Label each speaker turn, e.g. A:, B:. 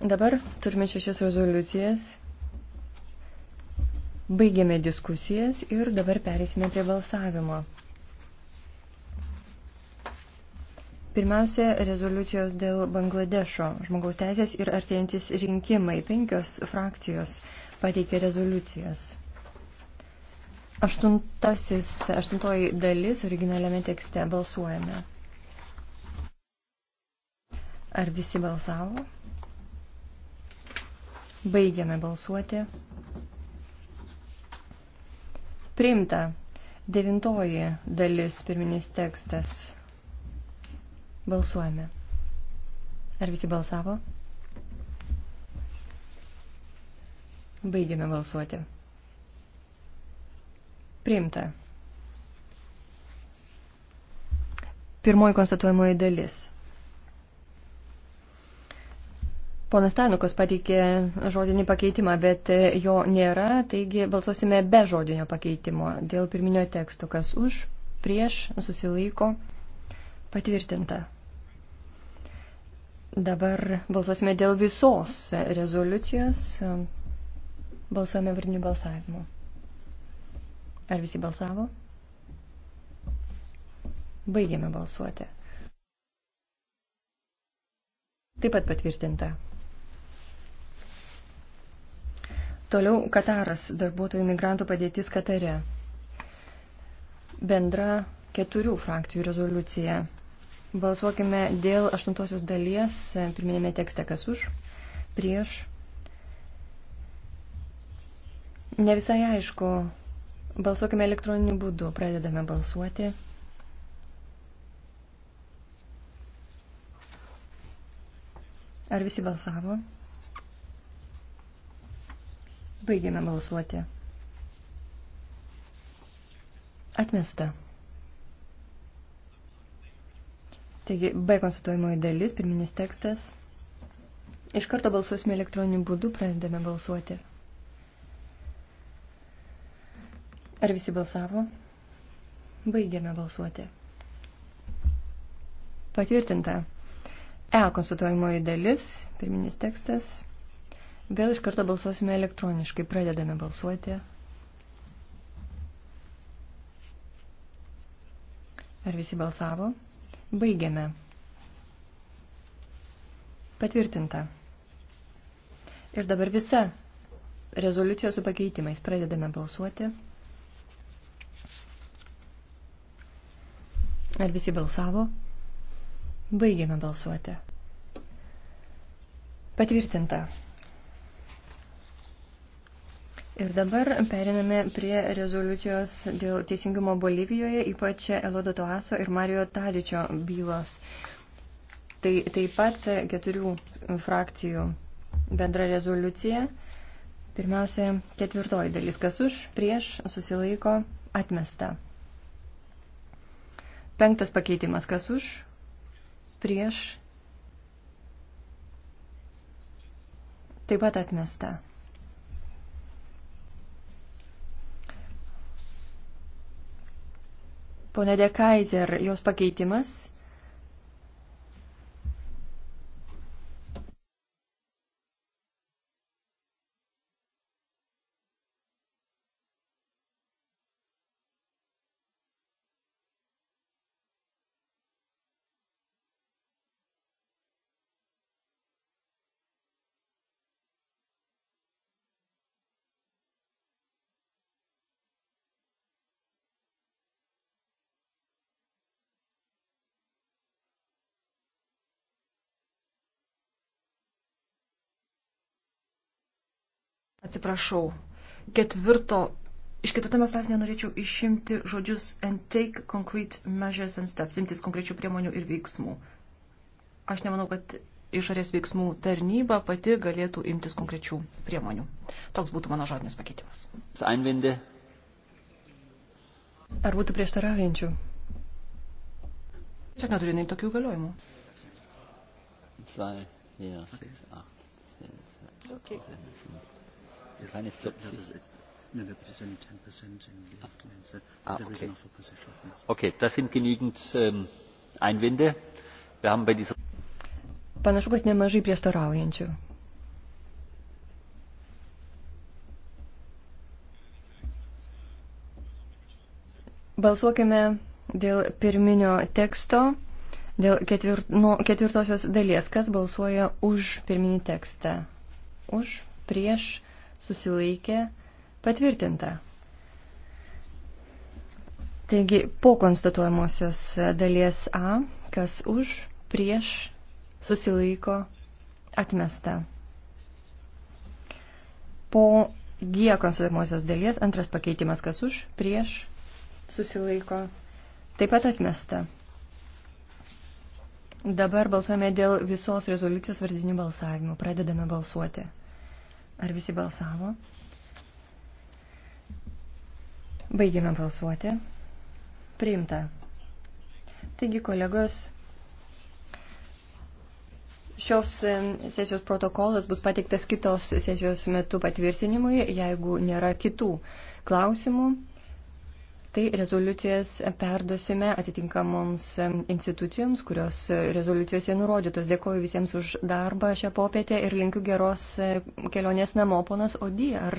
A: Dabar turime šešias rezoliucijas. Baigėme diskusijas ir dabar perėsime prie balsavimo. Pirmiausia, rezoliucijos dėl Bangladešo, žmogaus teisės ir artėjantis rinkimai. Penkios frakcijos pateikė rezoliucijas. Aštuntasis, aštuntoji dalis originaliame tekste balsuojame. Ar visi balsavo? Baigiame balsuoti. Priimta devintoji dalis pirminis tekstas. Balsuojame. Ar visi balsavo? Baigiame balsuoti. Priimta. Pirmoji konstatuojamoji dalis. Ponas Tanukas pateikė žodinį pakeitimą, bet jo nėra, taigi balsuosime be žodinio pakeitimo dėl pirminio teksto, kas už, prieš, susilaiko, patvirtinta. Dabar balsuosime dėl visos rezoliucijos, balsuojame varnių balsavimu. Ar visi balsavo? Baigėme balsuoti. Taip pat patvirtinta. Toliau Kataras, darbuotojų migrantų padėtis Katare. Bendra keturių frakcijų rezoliucija. Balsuokime dėl aštuntosios dalies, pirminėme tekste, kas už, prieš. Ne visai aišku, balsuokime elektroniniu būdu, pradedame balsuoti. Ar visi balsavo? Baigėme balsuoti. Atmesta. Taigi, B konstatuojamoji dalis, pirminis tekstas. Iš karto balsuosime elektroniniu būdu, pradedame balsuoti. Ar visi balsavo? Baigėme balsuoti. Patvirtinta. E konstatuojamoji dalis, pirminis tekstas. Vėl iš karto balsuosime elektroniškai. Pradedame balsuoti. Ar visi balsavo? Baigiame. Patvirtinta. Ir dabar visa rezoliucija su pakeitimais. Pradedame balsuoti. Ar visi balsavo? Baigiame balsuoti. Patvirtinta. Ir dabar periname prie rezoliucijos dėl teisingumo Bolivijoje, ypač Elodo Toaso ir Mario Tadičio bylos. Tai taip pat keturių frakcijų bendra rezoliucija. Pirmiausia, ketvirtoji dalis, kas už, prieš, susilaiko, atmesta. Penktas pakeitimas, kas už, prieš, taip pat atmesta. Pone Dekaiser, jos pakeitimas atsiprašau, ketvirto, iš ketvirtame straipsnė norėčiau išimti žodžius and take concrete measures and steps, imtis konkrečių priemonių ir veiksmų. Aš nemanau, kad išorės veiksmų tarnyba pati galėtų imtis konkrečių priemonių. Toks būtų mano žodinis pakeitimas. Einvinde. Ar būtų prieštaraujančių? Čia neturiu nei tokių galiojimų. Zwei, ja, sechs, acht, sechs, okay. Is that 40? No, no, but it's only 10% in the afternoon, so ah, there okay. is an offer position. Okay, das sind genügend ähm, Einwände. Wir haben bei dieser Panašu, kad nemažai prieštaraujančių. Balsuokime dėl pirminio teksto, dėl ketvir, nuo ketvirtosios dalies, kas balsuoja už pirminį tekstą. Už, prieš, susilaikė, patvirtinta. Taigi, po konstatuojamosios dalies A, kas už, prieš, susilaiko, atmesta. Po G konstatuojamosios dalies antras pakeitimas, kas už, prieš, susilaiko, taip pat atmesta. Dabar balsuojame dėl visos rezoliucijos vardinių balsavimų. Pradedame balsuoti. Ar visi balsavo? Baigime balsuoti. Priimta. Taigi, kolegos, Šios sesijos protokolas bus pateiktas kitos sesijos metu patvirtinimui, jeigu nėra kitų klausimų. Tai rezoliucijas perdosime atitinkamoms institucijoms, kurios rezoliucijose nurodytos. Dėkoju visiems už darbą šią popietę ir linkiu geros kelionės namo, ponas Odi. Ar